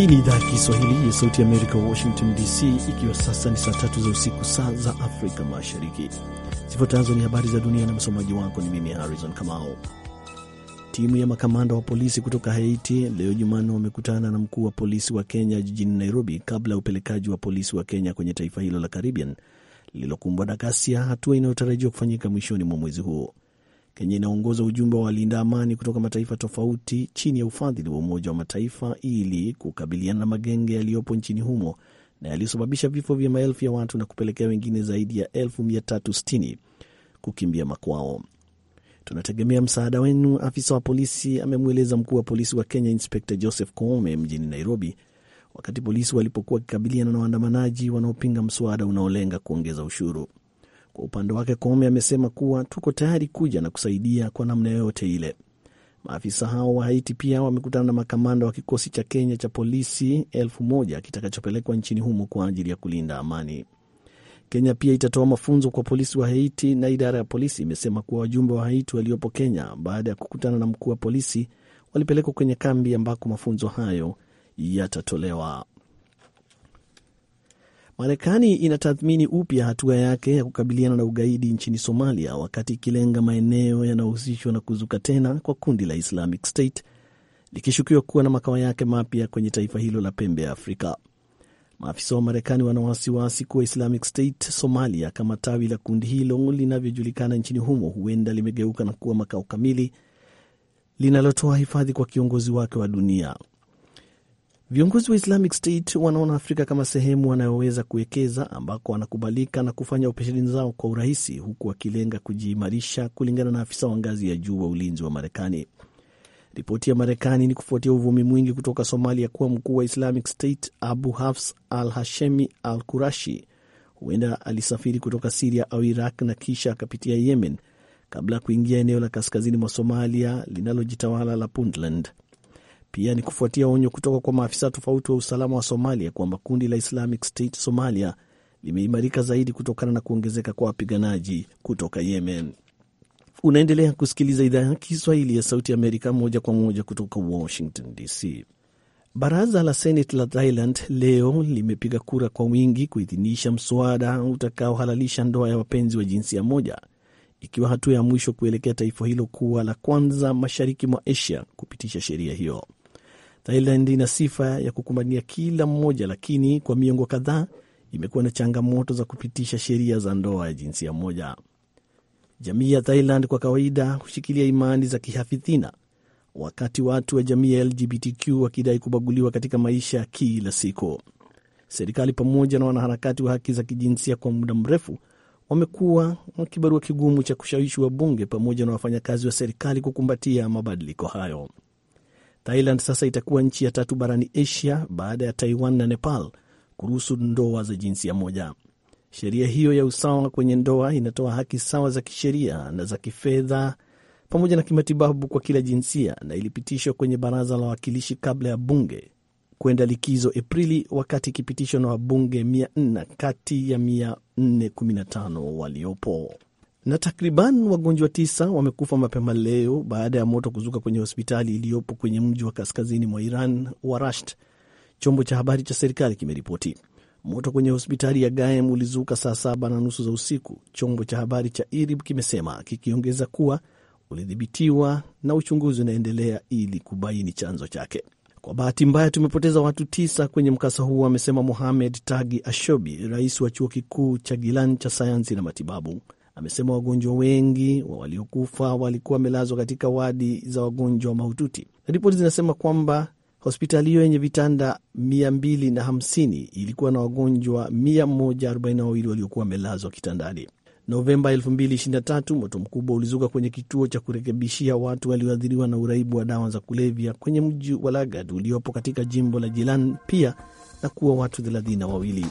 Hii ni idhaa ya Kiswahili ya Sauti ya Amerika, Washington DC, ikiwa sasa ni saa tatu za usiku, saa za Afrika Mashariki. Zifuatazo ni habari za dunia na msomaji wako ni mimi Harrison Kamao. Timu ya makamanda wa polisi kutoka Haiti leo Jumanne wamekutana na mkuu wa polisi wa Kenya jijini Nairobi kabla ya upelekaji wa polisi wa Kenya kwenye taifa hilo la Caribbean lililokumbwa na ghasia, hatua inayotarajiwa kufanyika mwishoni mwa mwezi huo. Kenya inaongoza ujumbe wa walinda amani kutoka mataifa tofauti chini ya ufadhili wa Umoja wa Mataifa ili kukabiliana na magenge yaliyopo nchini humo na yaliyosababisha vifo vya maelfu ya watu na kupelekea wengine zaidi ya elfu kukimbia makwao. Tunategemea msaada wenu, afisa wa polisi amemweleza mkuu wa polisi wa Kenya Inspekta Joseph Koome mjini Nairobi, wakati polisi walipokuwa wakikabiliana na waandamanaji wanaopinga mswada unaolenga kuongeza ushuru. Kwa upande wake, Kome amesema kuwa tuko tayari kuja na kusaidia kwa namna yoyote ile. Maafisa hao wa Haiti pia wamekutana na makamanda wa kikosi cha Kenya cha polisi elfu moja kitakachopelekwa nchini humo kwa ajili ya kulinda amani. Kenya pia itatoa mafunzo kwa polisi wa Haiti na idara ya polisi imesema kuwa wajumbe wa Haiti waliopo Kenya baada ya kukutana na mkuu wa polisi walipelekwa kwenye kambi ambako mafunzo hayo yatatolewa. Marekani inatathmini upya hatua yake ya kukabiliana na ugaidi nchini Somalia, wakati ikilenga maeneo yanayohusishwa na kuzuka tena kwa kundi la Islamic State likishukiwa kuwa na makao yake mapya kwenye taifa hilo la pembe ya Afrika. Maafisa wa Marekani wana wasiwasi kuwa Islamic State Somalia, kama tawi la kundi hilo linavyojulikana nchini humo, huenda limegeuka na kuwa makao kamili linalotoa hifadhi kwa kiongozi wake wa dunia Viongozi wa Islamic State wanaona Afrika kama sehemu wanayoweza kuwekeza ambako wanakubalika na kufanya operesheni zao kwa urahisi, huku wakilenga kujiimarisha, kulingana na afisa wa ngazi ya juu wa ulinzi wa Marekani. Ripoti ya Marekani ni kufuatia uvumi mwingi kutoka Somalia kuwa mkuu wa Islamic State Abu Hafs al Hashemi al kurashi huenda alisafiri kutoka Siria au Iraq na kisha akapitia Yemen kabla ya kuingia eneo la kaskazini mwa Somalia linalojitawala la Puntland. Pia ni kufuatia onyo kutoka kwa maafisa tofauti wa usalama wa Somalia kwamba kundi la Islamic State Somalia limeimarika zaidi kutokana na kuongezeka kwa wapiganaji kutoka Yemen. Unaendelea kusikiliza idhaa ya Kiswahili ya Sauti Amerika moja kwa moja kutoka Washington DC. Baraza la senat la Thailand leo limepiga kura kwa wingi kuidhinisha mswada utakaohalalisha ndoa ya wapenzi wa jinsia moja, ikiwa hatua ya mwisho kuelekea taifa hilo kuwa la kwanza mashariki mwa Asia kupitisha sheria hiyo. Thailand ina sifa ya kukumbania kila mmoja, lakini kwa miongo kadhaa imekuwa na changamoto za kupitisha sheria za ndoa ya jinsia moja. Jamii ya Thailand kwa kawaida hushikilia imani za kihafidhina, wakati watu wa jamii ya LGBTQ wakidai kubaguliwa katika maisha ya kila siku. Serikali pamoja na wanaharakati wa haki za kijinsia kwa muda mrefu wamekuwa na kibarua kigumu cha kushawishi wabunge pamoja na wafanyakazi wa serikali kukumbatia mabadiliko hayo. Thailand sasa itakuwa nchi ya tatu barani Asia baada ya Taiwan na Nepal kuruhusu ndoa za jinsia moja. Sheria hiyo ya usawa kwenye ndoa inatoa haki sawa za kisheria na za kifedha pamoja na kimatibabu kwa kila jinsia na ilipitishwa kwenye baraza la wawakilishi kabla ya bunge kwenda likizo Aprili, wakati ikipitishwa na wabunge 400 kati ya 415 waliopo na takriban wagonjwa tisa wamekufa mapema leo baada ya moto kuzuka kwenye hospitali iliyopo kwenye mji wa kaskazini mwa Iran wa Rasht, chombo cha habari cha serikali kimeripoti. Moto kwenye hospitali ya Gaem ulizuka saa saba na nusu za usiku, chombo cha habari cha IRIB kimesema, kikiongeza kuwa ulidhibitiwa na uchunguzi unaendelea ili kubaini chanzo chake. Kwa bahati mbaya tumepoteza watu tisa kwenye mkasa huo, amesema Mohamed Tagi Ashobi, rais wa chuo kikuu cha Gilan cha sayansi na matibabu amesema wagonjwa wengi wa waliokufa walikuwa wamelazwa katika wadi za wagonjwa mahututi. Ripoti zinasema kwamba hospitali hiyo yenye vitanda 250 ilikuwa na wagonjwa 142 waliokuwa wamelazwa kitandani. Novemba 2023 moto mkubwa ulizuka kwenye kituo cha kurekebishia watu walioathiriwa na uraibu wa dawa za kulevya kwenye mji wa Lagad uliopo katika jimbo la Jilan pia na kuwa watu thelathini na wawili.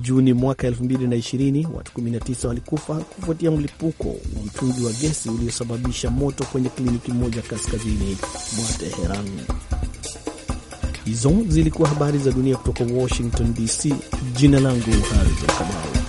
Juni mwaka 2020 watu 19 walikufa kufuatia mlipuko wa mtungi wa gesi uliosababisha moto kwenye kliniki moja kaskazini mwa Teheran. Hizo zilikuwa habari za dunia kutoka Washington DC. Jina langu Harrison Kamau.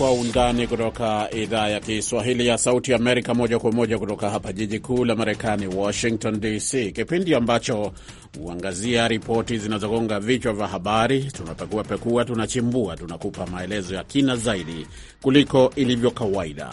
Kwa Undani kutoka idhaa ya Kiswahili ya Sauti Amerika, moja kwa moja kutoka hapa jiji kuu la Marekani, Washington DC, kipindi ambacho huangazia ripoti zinazogonga vichwa vya habari. Tunapekua pekua, tunachimbua, tunakupa maelezo ya kina zaidi kuliko ilivyo kawaida.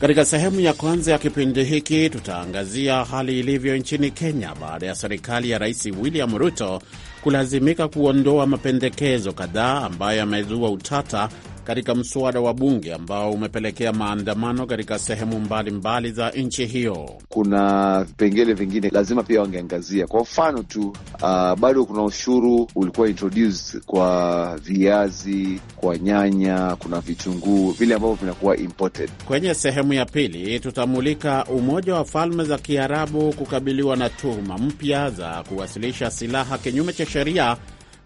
Katika sehemu ya kwanza ya kipindi hiki tutaangazia hali ilivyo nchini Kenya baada ya serikali ya Rais William Ruto kulazimika kuondoa mapendekezo kadhaa ambayo yamezua utata katika mswada wa bunge ambao umepelekea maandamano katika sehemu mbalimbali mbali za nchi hiyo. Kuna vipengele vingine lazima pia wangeangazia. Kwa mfano tu uh, bado kuna ushuru ulikuwa introduced kwa viazi, kwa nyanya, kuna vitunguu vile ambavyo vinakuwa imported. Kwenye sehemu ya pili tutamulika Umoja wa Falme za Kiarabu kukabiliwa na tuhuma mpya za kuwasilisha silaha kinyume cha sheria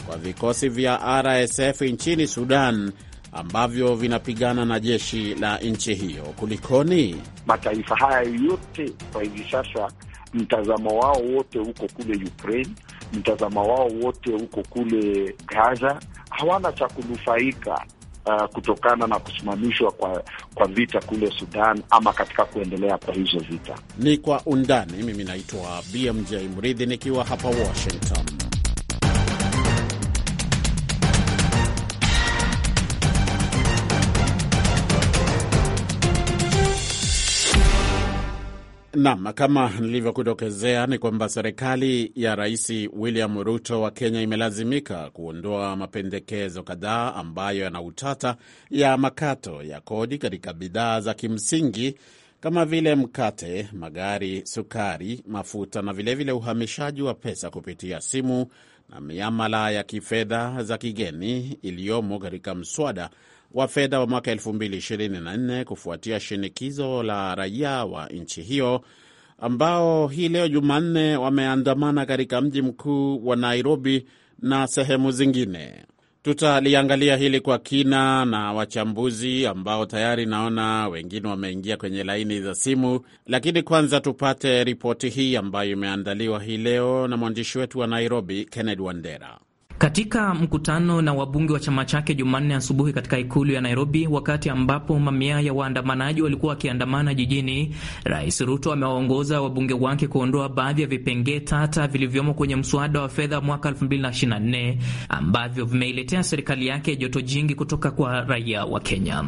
kwa vikosi vya RSF nchini Sudan ambavyo vinapigana na jeshi la nchi hiyo. Kulikoni mataifa haya yote kwa hivi sasa, mtazamo wao wote huko kule Ukraine, mtazamo wao wote huko kule Gaza, hawana cha kunufaika Uh, kutokana na kusimamishwa kwa, kwa vita kule Sudan ama katika kuendelea kwa hizo vita. Ni kwa undani. Mimi naitwa BMJ Mridhi nikiwa hapa Washington. Naam, kama nilivyokutokezea ni kwamba serikali ya Rais William Ruto wa Kenya imelazimika kuondoa mapendekezo kadhaa ambayo yana utata ya makato ya kodi katika bidhaa za kimsingi kama vile mkate, magari, sukari, mafuta na vilevile vile uhamishaji wa pesa kupitia simu na miamala ya kifedha za kigeni iliyomo katika mswada wa fedha wa mwaka 2024 kufuatia shinikizo la raia wa nchi hiyo ambao hii leo Jumanne wameandamana katika mji mkuu wa Nairobi na sehemu zingine. Tutaliangalia hili kwa kina na wachambuzi ambao tayari naona wengine wameingia kwenye laini za simu, lakini kwanza tupate ripoti hii ambayo imeandaliwa hii leo na mwandishi wetu wa Nairobi, Kenneth Wandera. Katika mkutano na wabunge wa chama chake Jumanne asubuhi katika ikulu ya Nairobi, wakati ambapo mamia ya waandamanaji walikuwa wakiandamana jijini, Rais Ruto amewaongoza wabunge wake kuondoa baadhi ya vipengee tata vilivyomo kwenye mswada wa fedha mwaka 2024 ambavyo vimeiletea serikali yake joto jingi kutoka kwa raia wa Kenya.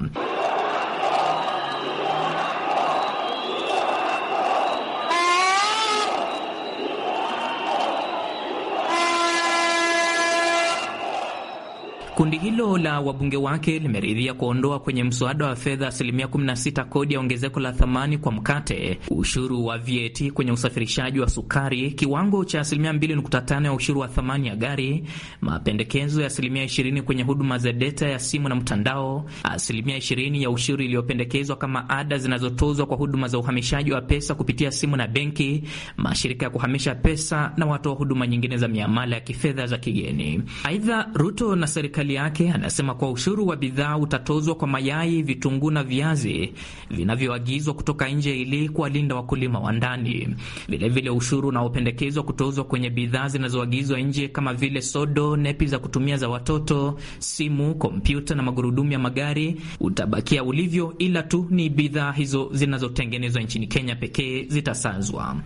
Kundi hilo la wabunge wake limeridhia kuondoa kwenye mswada wa fedha asilimia 16 kodi ya ongezeko la thamani kwa mkate, ushuru wa VAT kwenye usafirishaji wa sukari, kiwango cha asilimia 2.5 ya ushuru wa thamani ya gari, mapendekezo ya asilimia 20 kwenye huduma za deta ya simu na mtandao, asilimia 20 ya ushuru iliyopendekezwa kama ada zinazotozwa kwa huduma za uhamishaji wa pesa kupitia simu na benki, mashirika ya kuhamisha pesa na watoa huduma nyingine za miamala ya kifedha za kigeni. Aidha, Ruto na serikali serikali yake anasema kuwa ushuru wa bidhaa utatozwa kwa mayai, vitunguu na viazi vinavyoagizwa kutoka nje ili kuwalinda wakulima wa ndani. Vilevile, ushuru unaopendekezwa kutozwa kwenye bidhaa zinazoagizwa nje kama vile sodo, nepi za kutumia za watoto, simu, kompyuta na magurudumu ya magari utabakia ulivyo, ila tu ni bidhaa hizo zinazotengenezwa nchini Kenya pekee zitasazwa.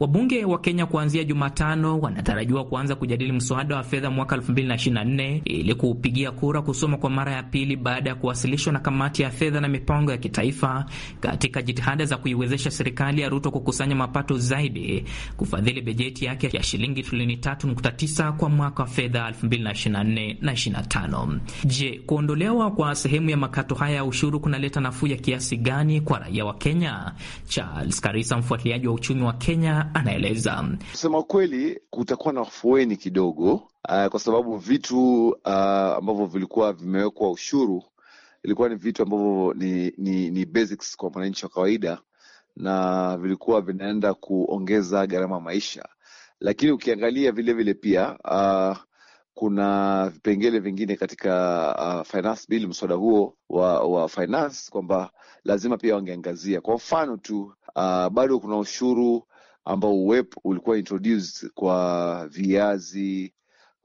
Wabunge wa Kenya kuanzia Jumatano wanatarajiwa kuanza kujadili mswada wa fedha mwaka 2024 ili kupigia kura kusoma kwa mara ya pili baada ya kuwasilishwa na kamati ya fedha na mipango ya kitaifa katika jitihada za kuiwezesha serikali ya Ruto kukusanya mapato zaidi kufadhili bajeti yake ya shilingi trilioni 3.9 kwa mwaka wa fedha 2024 na 25. Je, kuondolewa kwa sehemu ya makato haya ya ushuru kunaleta nafuu ya kiasi gani kwa raia wa Kenya? Charles Karisa, mfuatiliaji wa uchumi wa Kenya, anaeleza. Kusema kweli, kutakuwa na afueni kidogo uh, kwa sababu vitu uh, ambavyo vilikuwa vimewekwa ushuru ilikuwa ni vitu ambavyo ni, ni, ni basics kwa mwananchi wa kawaida na vilikuwa vinaenda kuongeza gharama maisha, lakini ukiangalia vilevile vile pia uh, kuna vipengele vingine katika uh, finance bill, mswada huo wa, wa finance kwamba lazima pia wangeangazia. Kwa mfano tu uh, bado kuna ushuru ambao uwepo ulikuwa introduced kwa viazi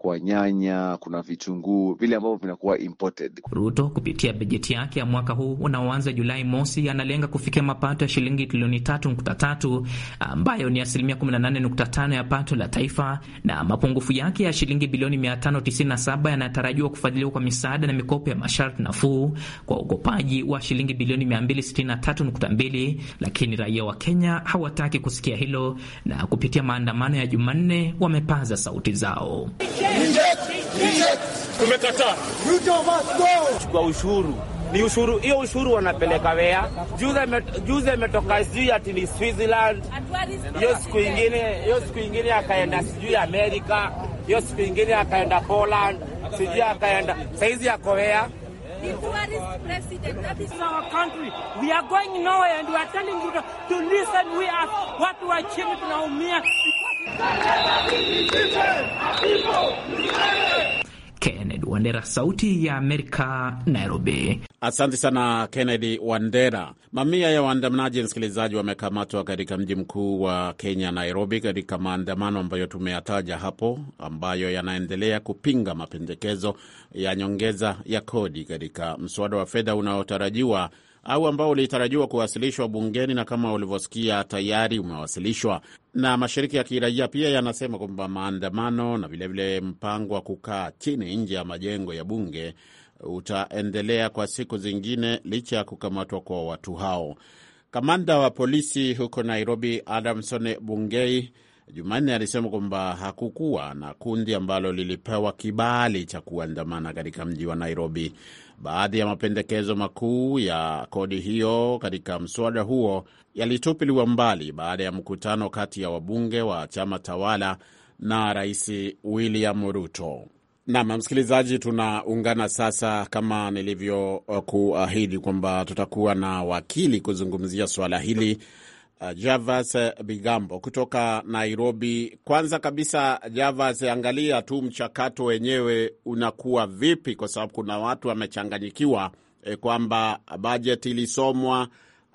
kwa nyanya, kuna vitunguu vile ambavyo vinakuwa imported. Ruto kupitia bajeti yake ya mwaka huu unaoanza Julai mosi analenga kufikia mapato ya shilingi trilioni 3.3 ambayo ni asilimia 18.5 ya pato la taifa, na mapungufu yake ya shilingi bilioni 597 yanatarajiwa kufadhiliwa kwa misaada na mikopo ya masharti nafuu kwa ukopaji wa shilingi bilioni 263.2, lakini raia wa Kenya hawataki kusikia hilo na kupitia maandamano ya Jumanne wamepaza sauti zao. Tumekataa ushuru ni ushuru hiyo, ushuru wanapeleka wea. Juzi ametoka sijui ati ni Switzerland, hiyo siku ingine, hiyo siku ingine akaenda sijui Amerika, hiyo siku ingine akaenda Poland, sijui akaenda saizi yako wea. Tunaumia. Kennedy Wandera, Sauti ya Amerika, Nairobi. Asante sana Kennedy Wandera. Mamia ya waandamanaji, msikilizaji, wamekamatwa katika mji mkuu wa Kenya, Nairobi, katika maandamano ambayo tumeyataja hapo, ambayo yanaendelea kupinga mapendekezo ya nyongeza ya kodi katika mswada wa fedha unaotarajiwa au ambao ulitarajiwa kuwasilishwa bungeni na kama ulivyosikia tayari umewasilishwa. Na mashirika ya kiraia pia yanasema kwamba maandamano na vilevile mpango wa kukaa chini nje ya majengo ya bunge utaendelea kwa siku zingine licha ya kukamatwa kwa watu hao. Kamanda wa polisi huko Nairobi, Adamson Bungei, Jumanne alisema kwamba hakukuwa na kundi ambalo lilipewa kibali cha kuandamana katika mji wa Nairobi. Baadhi ya mapendekezo makuu ya kodi hiyo katika mswada huo yalitupiliwa mbali baada ya mkutano kati ya wabunge wa chama tawala na Rais William Ruto. Nam msikilizaji, tunaungana sasa, kama nilivyokuahidi kwamba tutakuwa na wakili kuzungumzia suala hili Uh, Javas uh, Bigambo kutoka Nairobi. Kwanza kabisa, Javas, angalia tu mchakato wenyewe unakuwa vipi, kwa sababu kuna watu wamechanganyikiwa e, kwamba bajeti ilisomwa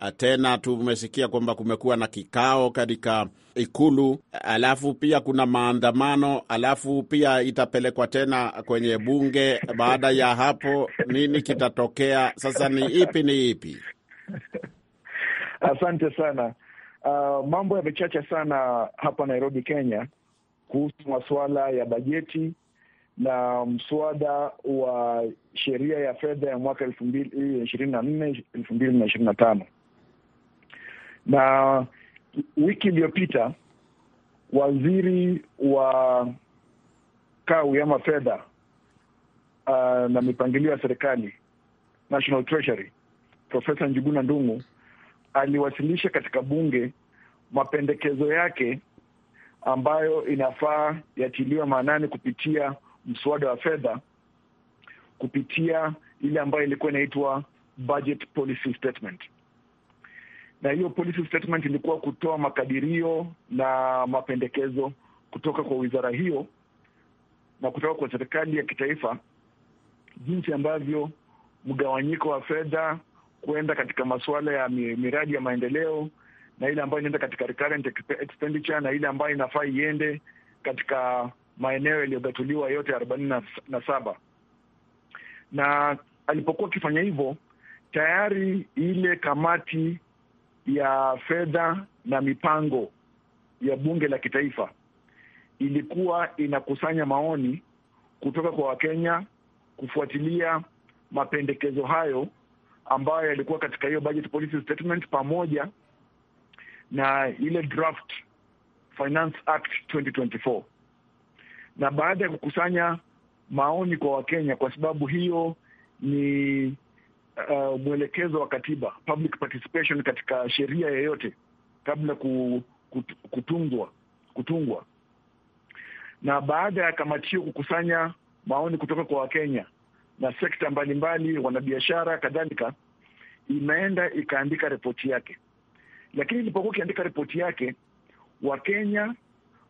uh, tena tumesikia kwamba kumekuwa na kikao katika Ikulu, alafu pia kuna maandamano, alafu pia itapelekwa tena kwenye bunge. Baada ya hapo nini kitatokea? Sasa ni ipi ni ipi? Asante sana uh, mambo yamechacha sana hapa Nairobi, Kenya, kuhusu masuala ya bajeti na mswada wa sheria ya fedha ya mwaka elfu mbili eh, ishirini na nne elfu mbili na ishirini na tano na wiki iliyopita waziri wa kawi ama fedha uh, na mipangilio ya serikali National Treasury Profesa Njuguna Ndung'u aliwasilisha katika bunge mapendekezo yake ambayo inafaa yatiliwe maanani kupitia mswada wa fedha, kupitia ile ambayo ilikuwa inaitwa budget policy statement, na hiyo policy statement ilikuwa kutoa makadirio na mapendekezo kutoka kwa wizara hiyo na kutoka kwa serikali ya kitaifa, jinsi ambavyo mgawanyiko wa fedha kuenda katika masuala ya miradi ya maendeleo na ile ambayo inaenda katika recurrent expenditure na ile ambayo inafaa iende katika maeneo yaliyogatuliwa yote arobaini na saba na alipokuwa akifanya hivyo tayari ile kamati ya fedha na mipango ya bunge la kitaifa ilikuwa inakusanya maoni kutoka kwa Wakenya kufuatilia mapendekezo hayo ambayo yalikuwa katika hiyo budget policy statement pamoja na ile draft Finance Act 2024. Na baada ya kukusanya maoni kwa Wakenya, kwa sababu hiyo ni uh, mwelekezo wa katiba, public participation katika sheria yoyote kabla ku, kut, kutungwa kutungwa. Na baada ya kamati hiyo kukusanya maoni kutoka kwa Wakenya, na sekta mbalimbali, wanabiashara kadhalika, imeenda ikaandika ripoti yake. Lakini ilipokuwa ikiandika ripoti yake, Wakenya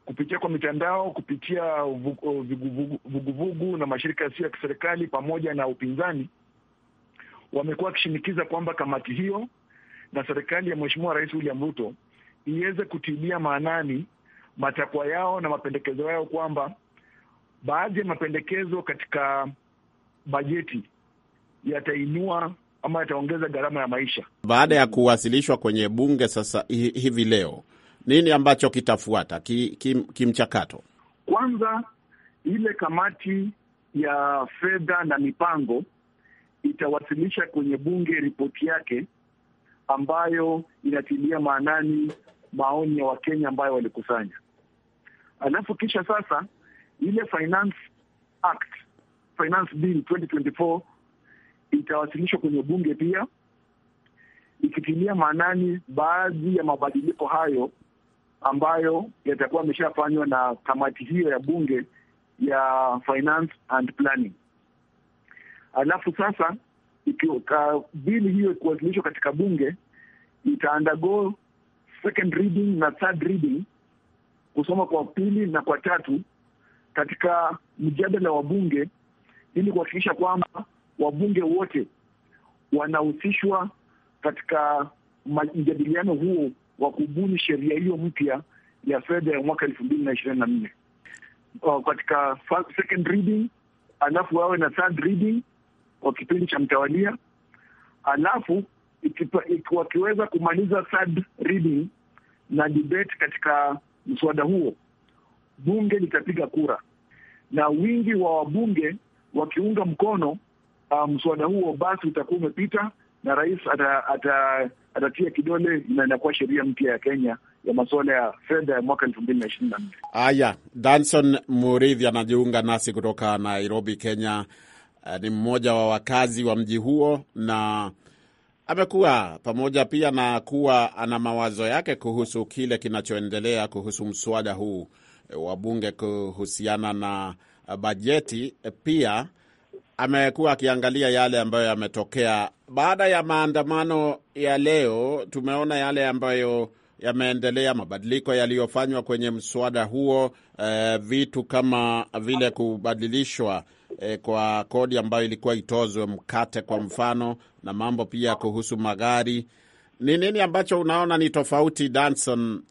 kupitia kwa mitandao, kupitia vuguvugu na mashirika yasiyo ya kiserikali pamoja na upinzani, wamekuwa wakishinikiza kwamba kamati hiyo na serikali ya Mheshimiwa Rais William Ruto iweze kutilia maanani matakwa yao na mapendekezo yao, kwamba baadhi ya mapendekezo katika bajeti yatainua ama yataongeza gharama ya maisha. Baada ya kuwasilishwa kwenye bunge sasa hivi leo, nini ambacho kitafuata kimchakato? Ki, ki kwanza ile kamati ya fedha na mipango itawasilisha kwenye bunge ripoti yake ambayo inatilia maanani maoni ya Wakenya ambayo walikusanya, alafu kisha sasa ile Finance Act finance bill 2024 itawasilishwa kwenye bunge pia ikitilia maanani baadhi ya mabadiliko hayo ambayo yatakuwa yameshafanywa na kamati hiyo ya bunge ya finance and planning. Alafu sasa ikiwa bili hiyo kuwasilishwa katika bunge itaandago second reading na third reading, kusoma kwa pili na kwa tatu katika mjadala wa bunge ili kuhakikisha kwamba wabunge wote wanahusishwa katika mjadiliano huo wa kubuni sheria hiyo mpya ya fedha ya mwaka elfu mbili na ishirini na nne katika second reading, alafu wawe na third reading kwa kipindi cha mtawalia, alafu wakiweza kumaliza third reading na debate katika mswada huo, bunge litapiga kura na wingi wa wabunge wakiunga mkono um, mswada um, huo basi utakuwa umepita na rais ata, ata, atatia kidole na inakuwa sheria mpya ya Kenya ya masuala ya fedha ya mwaka elfu mbili na ishirini na nne. Haya, Danson Murithi anajiunga nasi kutoka Nairobi, Kenya. Uh, ni mmoja wa wakazi wa mji huo na amekuwa pamoja pia na kuwa ana mawazo yake kuhusu kile kinachoendelea kuhusu mswada huu wa bunge kuhusiana na Eh, bajeti, eh, pia amekuwa akiangalia yale ambayo yametokea baada ya maandamano ya leo. Tumeona yale ambayo yameendelea, mabadiliko yaliyofanywa kwenye mswada huo, eh, vitu kama vile kubadilishwa eh, kwa kodi ambayo ilikuwa itozwe mkate kwa mfano, na mambo pia kuhusu magari. Ni nini ambacho unaona ni tofauti Danson,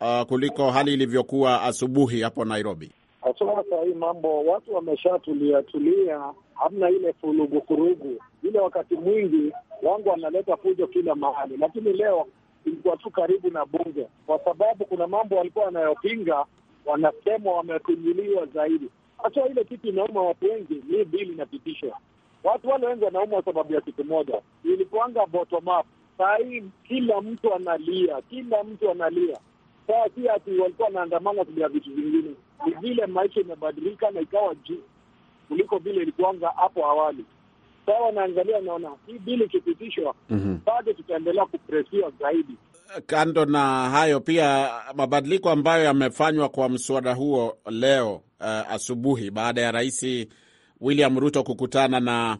uh, kuliko hali ilivyokuwa asubuhi hapo Nairobi? Haswa saa hii mambo watu wameshatulia tulia, hamna ile furugu furugu ile. Wakati mwingi wangu wanaleta fujo kila mahali, lakini leo ilikuwa tu karibu na bunge, kwa sababu kuna mambo walikuwa wanayopinga, wanasema wamepingiliwa zaidi. Hasa ile kitu inauma watu wengi ni bili inapitishwa, watu wale wengi wanaumwa sababu ya kitu moja, ilikuanga bottom up. Saa hii kila mtu analia, kila mtu analia saa si ati walikuwa wanaandamana kulia vitu vingine, ni vile maisha imebadilika na ikawa juu kuliko vile ilikuanza hapo awali. Saa wanaangalia, naona hii bili ikipitishwa, mm -hmm. bado tutaendelea kupresiwa zaidi. Kando na hayo, pia mabadiliko ambayo yamefanywa kwa mswada huo leo uh, asubuhi baada ya Rais William Ruto kukutana na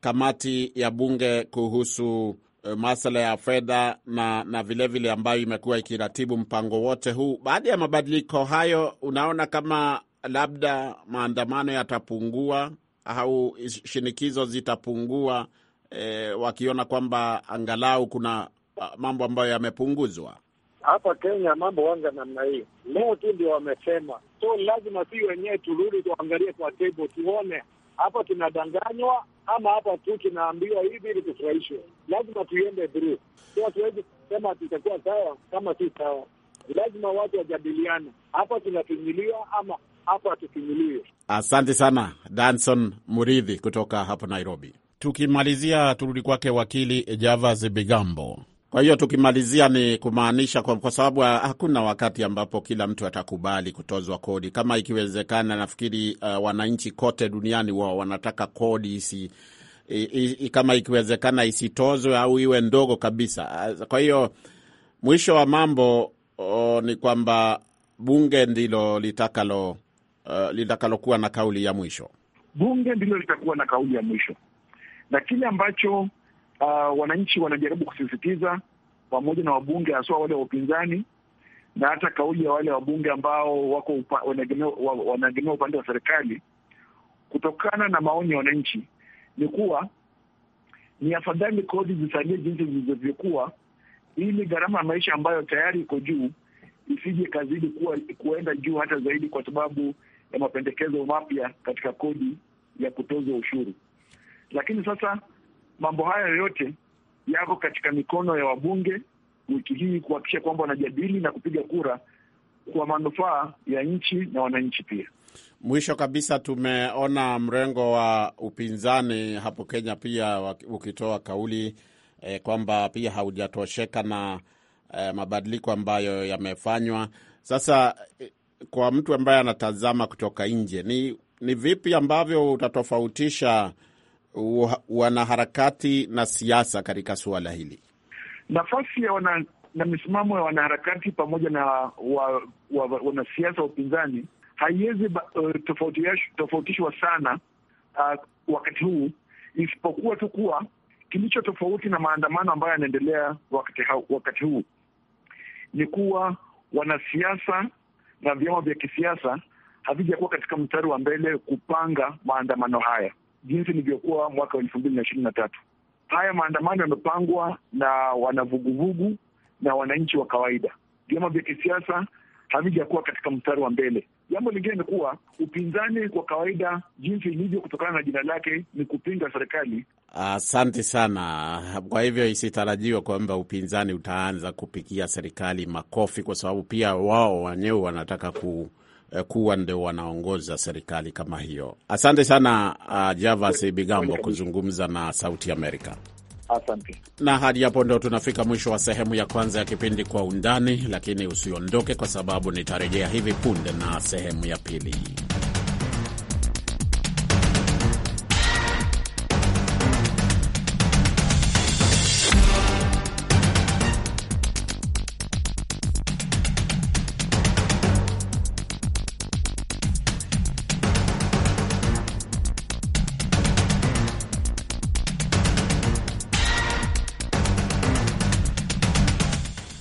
kamati ya bunge kuhusu Eh, masuala ya fedha na na vilevile ambayo imekuwa ikiratibu mpango wote huu. Baada ya mabadiliko hayo, unaona kama labda maandamano yatapungua au shinikizo zitapungua, e, wakiona kwamba angalau kuna ah, mambo ambayo yamepunguzwa hapa Kenya. Mambo wanga namna hiyo, leo tu ndio wamesema, so lazima si wenyewe turudi tuangalie kwa table tuone hapa tunadanganywa ama hapa tu tunaambiwa hivi ili tufurahishwe. Lazima tuiende through, so hatuwezi kusema tutakuwa sawa kama si sawa. Lazima watu wajadiliana, hapa tunafinyiliwa ama hapa hatufinyiliwe. Asante sana Danson Muridhi kutoka hapo Nairobi. Tukimalizia turudi kwake wakili Javas Bigambo. Kwa hiyo tukimalizia, ni kumaanisha kwa, kwa sababu ah, hakuna wakati ambapo kila mtu atakubali kutozwa kodi kama ikiwezekana. Nafikiri uh, wananchi kote duniani wao wanataka kodi isi, i, i, kama ikiwezekana isitozwe au iwe ndogo kabisa. Ah, kwa hiyo mwisho wa mambo o, ni kwamba bunge ndilo litakalo uh, litakalokuwa na kauli ya mwisho. Bunge ndilo litakuwa na kauli ya mwisho, na kile ambacho uh, wananchi wanajaribu kusisitiza pamoja na wabunge haswa wale wa upinzani na hata kauli ya wale wabunge ambao wako wanaegemea upande wa serikali kutokana na maoni ya wananchi ni kuwa ni afadhali kodi zisalie jinsi zilivyokuwa, ili gharama ya maisha ambayo tayari iko juu isije kazidi kuwa kuenda juu hata zaidi, kwa sababu ya mapendekezo mapya katika kodi ya kutozwa ushuru. Lakini sasa mambo haya yote yako katika mikono ya wabunge wiki hii kuhakikisha kwamba wanajadili na kupiga kura kwa manufaa ya nchi na wananchi pia. Mwisho kabisa, tumeona mrengo wa upinzani hapo Kenya pia ukitoa kauli eh, kwamba pia haujatosheka na eh, mabadiliko ambayo yamefanywa. Sasa eh, kwa mtu ambaye anatazama kutoka nje, ni, ni vipi ambavyo utatofautisha wanaharakati na siasa katika suala hili? Nafasi ya wana, na misimamo ya wanaharakati pamoja na wanasiasa wa, wa, upinzani haiwezi uh, tofautishwa sana uh, wakati huu isipokuwa tu kuwa kilicho tofauti na maandamano ambayo yanaendelea wakati, wakati huu ni kuwa wanasiasa na vyama vya kisiasa havijakuwa katika mstari wa mbele kupanga maandamano haya jinsi ilivyokuwa mwaka wa elfu mbili na ishirini na tatu. Haya maandamano yamepangwa na wanavuguvugu na wananchi wa kawaida. Vyama vya kisiasa havijakuwa katika mstari wa mbele. Jambo lingine ni kuwa upinzani kwa kawaida, jinsi ilivyo, kutokana na jina lake, ni kupinga serikali. Asante uh, sana. Kwa hivyo isitarajiwa kwamba upinzani utaanza kupigia serikali makofi, kwa sababu pia wao wenyewe wanataka ku Eh, kuwa ndio wanaongoza serikali kama hiyo. Asante sana uh, Javas Bigambo kuzungumza na Sauti Amerika. Asante. Na hadi hapo ndo tunafika mwisho wa sehemu ya kwanza ya kipindi Kwa Undani, lakini usiondoke, kwa sababu nitarejea hivi punde na sehemu ya pili.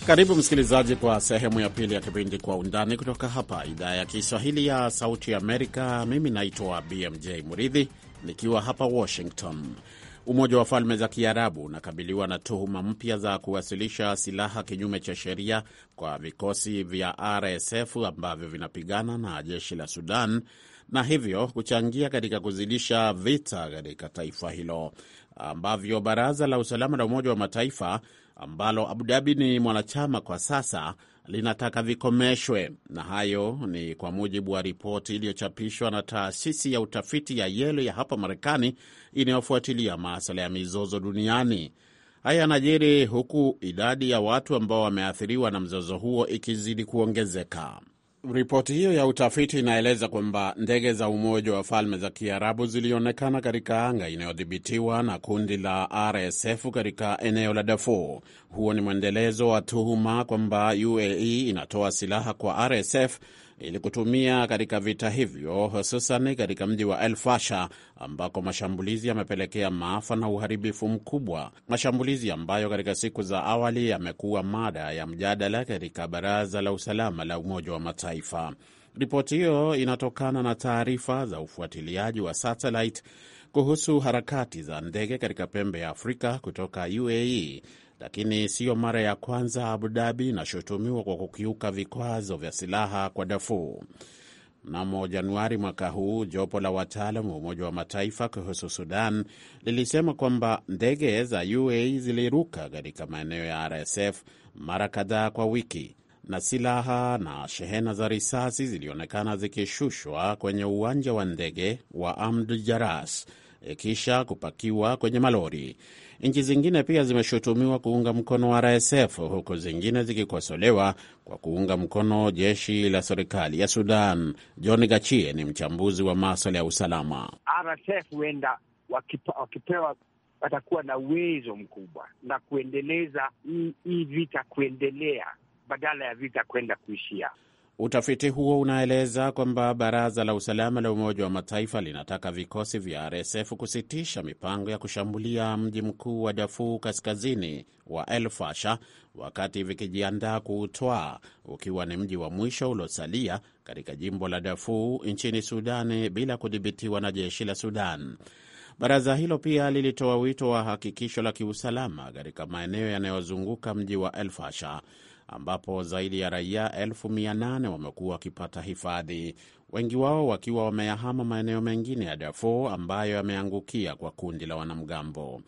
Karibu msikilizaji, kwa sehemu ya pili ya kipindi Kwa Undani kutoka hapa idhaa ya Kiswahili ya Sauti Amerika. Mimi naitwa BMJ Muridhi nikiwa hapa Washington. Umoja wa Falme za Kiarabu unakabiliwa na tuhuma mpya za kuwasilisha silaha kinyume cha sheria kwa vikosi vya RSF ambavyo vinapigana na jeshi la Sudan na hivyo kuchangia katika kuzidisha vita katika taifa hilo ambavyo baraza la usalama la Umoja wa Mataifa ambalo Abu Dhabi ni mwanachama kwa sasa linataka vikomeshwe, na hayo ni kwa mujibu wa ripoti iliyochapishwa na taasisi ya utafiti ya Yale ya hapa Marekani inayofuatilia maswala ya mizozo duniani. Haya yanajiri huku idadi ya watu ambao wameathiriwa na mzozo huo ikizidi kuongezeka. Ripoti hiyo ya utafiti inaeleza kwamba ndege za Umoja wa Falme za Kiarabu zilionekana katika anga inayodhibitiwa na kundi la RSF katika eneo la Darfur. Huo ni mwendelezo wa tuhuma kwamba UAE inatoa silaha kwa RSF ili kutumia katika vita hivyo, hususan katika mji wa El Fasha ambako mashambulizi yamepelekea maafa na uharibifu mkubwa, mashambulizi ambayo katika siku za awali yamekuwa mada ya mjadala katika Baraza la Usalama la Umoja wa Mataifa. Ripoti hiyo inatokana na taarifa za ufuatiliaji wa satellite kuhusu harakati za ndege katika pembe ya Afrika kutoka UAE lakini siyo mara ya kwanza Abu Dhabi inashutumiwa kwa kukiuka vikwazo vya silaha kwa Darfur. Mnamo Januari mwaka huu, jopo la wataalam wa Umoja wa Mataifa kuhusu Sudan lilisema kwamba ndege za UA e ziliruka katika maeneo ya RSF mara kadhaa kwa wiki na silaha na shehena za risasi zilionekana zikishushwa kwenye uwanja wa ndege wa Amd Jaras kisha kupakiwa kwenye malori. Nchi zingine pia zimeshutumiwa kuunga mkono RSF huku zingine zikikosolewa kwa kuunga mkono jeshi la serikali ya Sudan. John Gachie ni mchambuzi wa maswala ya usalama. RSF huenda wakipewa watakuwa na uwezo mkubwa na kuendeleza hii vita kuendelea badala ya vita kwenda kuishia. Utafiti huo unaeleza kwamba baraza la usalama la Umoja wa Mataifa linataka vikosi vya RSF kusitisha mipango ya kushambulia mji mkuu wa Darfur kaskazini wa El Fasha wakati vikijiandaa kuutwaa, ukiwa ni mji wa mwisho uliosalia katika jimbo la Darfur nchini Sudani bila kudhibitiwa na jeshi la Sudan. Baraza hilo pia lilitoa wito wa hakikisho la kiusalama katika maeneo yanayozunguka mji wa El Fasha ambapo zaidi ya raia elfu mia nane wamekuwa wakipata hifadhi, wengi wao wakiwa wameyahama maeneo mengine ya Darfur ambayo yameangukia kwa kundi la wanamgambo.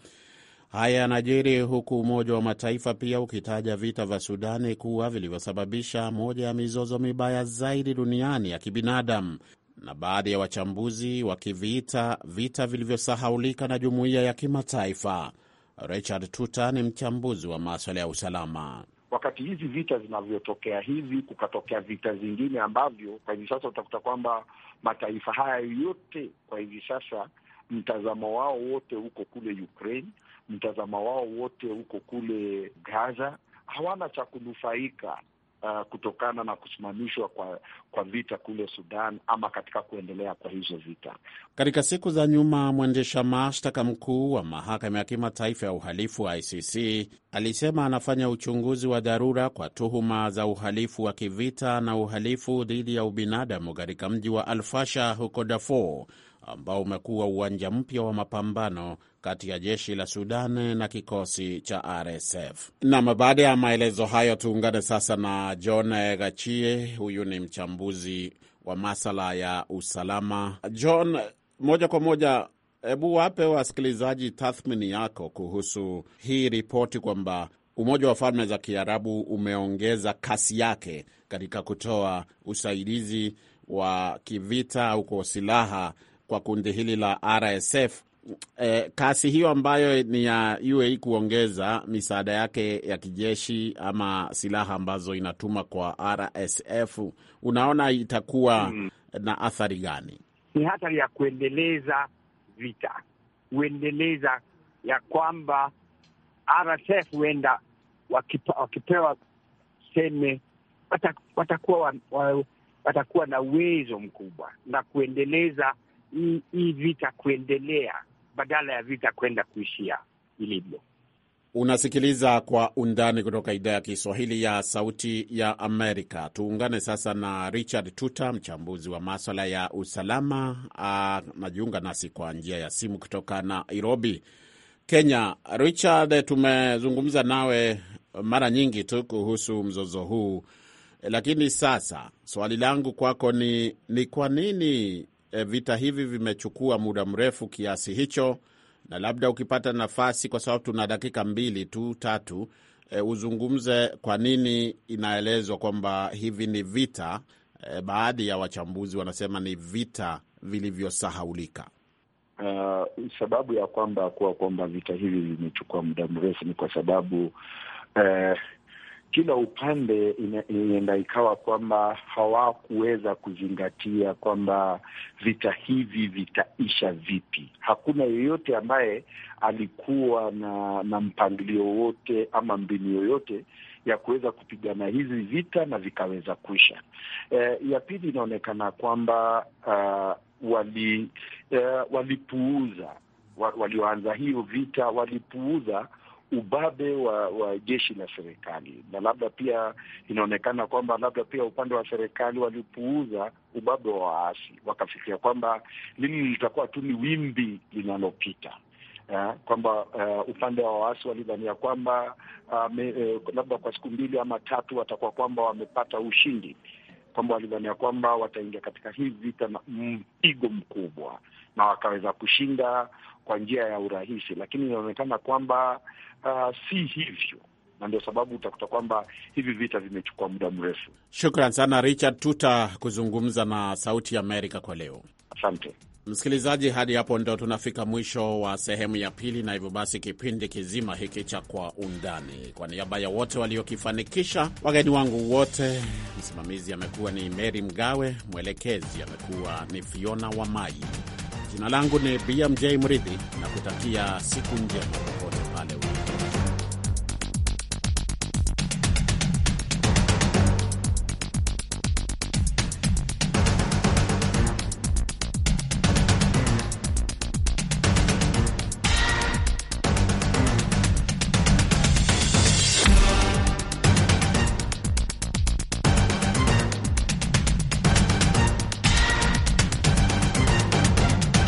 Haya yanajiri huku Umoja wa Mataifa pia ukitaja vita vya Sudani kuwa vilivyosababisha moja ya mizozo mibaya zaidi duniani ya kibinadamu, na baadhi ya wachambuzi wakiviita vita vilivyosahaulika na jumuiya ya kimataifa. Richard Tuta ni mchambuzi wa maswala ya usalama wakati hizi vita zinavyotokea hivi, kukatokea vita zingine ambavyo kwa hivi sasa utakuta kwamba mataifa haya yote kwa hivi sasa mtazamo wao wote huko kule Ukraine, mtazamo wao wote huko kule Gaza, hawana cha kunufaika uh, kutokana na kusimamishwa kwa, kwa vita kule Sudan ama katika kuendelea kwa hizo vita. Katika siku za nyuma, mwendesha mashtaka mkuu wa mahakama ya kimataifa ya uhalifu wa ICC alisema anafanya uchunguzi wa dharura kwa tuhuma za uhalifu wa kivita na uhalifu dhidi ya ubinadamu katika mji wa Alfasha huko Darfur ambao umekuwa uwanja mpya wa mapambano kati ya jeshi la Sudan na kikosi cha RSF. Nam, baada ya maelezo hayo, tuungane sasa na John Gachie. Huyu ni mchambuzi wa masala ya usalama. John, moja kwa moja, hebu wape wasikilizaji tathmini yako kuhusu hii ripoti kwamba Umoja wa Falme za Kiarabu umeongeza kasi yake katika kutoa usaidizi wa kivita au kwa silaha kwa kundi hili la RSF. E, eh, kasi hiyo ambayo ni ya UAE kuongeza misaada yake ya kijeshi ama silaha ambazo inatuma kwa RSF, unaona itakuwa mm, na athari gani? Ni hatari ya kuendeleza vita, kuendeleza ya kwamba RSF huenda wakipa, wakipewa seme watakuwa watakuwa na uwezo mkubwa na kuendeleza hii vita kuendelea badala ya vita kwenda kuishia ilivyo. Unasikiliza kwa undani kutoka idhaa ya Kiswahili ya Sauti ya Amerika. Tuungane sasa na Richard Tuta, mchambuzi wa maswala ya usalama, anajiunga nasi kwa njia ya simu kutoka Nairobi, Kenya. Richard, tumezungumza nawe mara nyingi tu kuhusu mzozo huu, lakini sasa swali langu kwako ni ni kwa nini e, vita hivi vimechukua muda mrefu kiasi hicho, na labda ukipata nafasi, kwa sababu tuna dakika mbili tu tatu, e, uzungumze kwa nini inaelezwa kwamba hivi ni vita e, baadhi ya wachambuzi wanasema ni vita vilivyosahaulika. Uh, sababu ya kwamba kuwa kwamba vita hivi vimechukua muda mrefu ni kwa sababu uh, kila upande inaenda ikawa kwamba hawakuweza kuzingatia kwamba vita hivi vitaisha vipi. Hakuna yeyote ambaye alikuwa na, na mpangilio wote ama mbinu yoyote ya kuweza kupigana hizi vita na vikaweza kuisha. E, ya pili inaonekana kwamba uh, wali uh, walipuuza walioanza hiyo vita walipuuza ubabe wa, wa jeshi la serikali, na labda pia inaonekana kwamba labda pia upande wa serikali walipuuza ubabe wa waasi, wakafikiria kwamba lini litakuwa tu ni wimbi linalopita eh, kwamba uh, upande wa waasi walidhania kwamba uh, me, uh, labda kwa siku mbili ama tatu watakuwa kwamba wamepata ushindi, kwamba walidhania kwamba wataingia katika hii vita na mpigo mkubwa na wakaweza kushinda kwa njia ya urahisi, lakini inaonekana kwamba uh, si hivyo, na ndio sababu utakuta kwamba hivi vita vimechukua muda mrefu. Shukran sana Richard Tuta kuzungumza na Sauti Amerika kwa leo, asante. Msikilizaji, hadi hapo ndo tunafika mwisho wa sehemu ya pili, na hivyo basi kipindi kizima hiki cha Kwa Undani, kwa niaba ya wote waliokifanikisha, wageni wangu wote, msimamizi amekuwa ni Meri Mgawe, mwelekezi amekuwa ni Fiona mai Jina langu ni BMJ Mridhi na kutakia siku njema popote pale ulipo.